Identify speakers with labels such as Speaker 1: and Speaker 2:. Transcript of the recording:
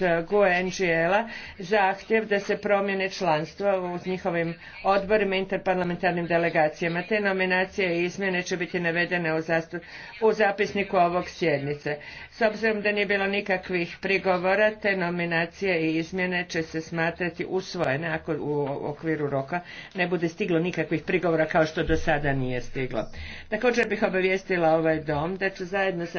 Speaker 1: GUE NGL-a zahtjev da se promjene članstva u njihovim odborima i interparlamentarnim delegacijama. Te nominacije i izmjene će biti navedene u, zapisniku ovog sjednice. S obzirom da nije bilo nikakvih prigovora, te nominacije i izmjene će se smatrati usvojene ako u okviru roka ne bude stiglo nikakvih prigovora kao što do sada nije stiglo. Također bih obavijestila
Speaker 2: ovaj dom da ću zajedno sa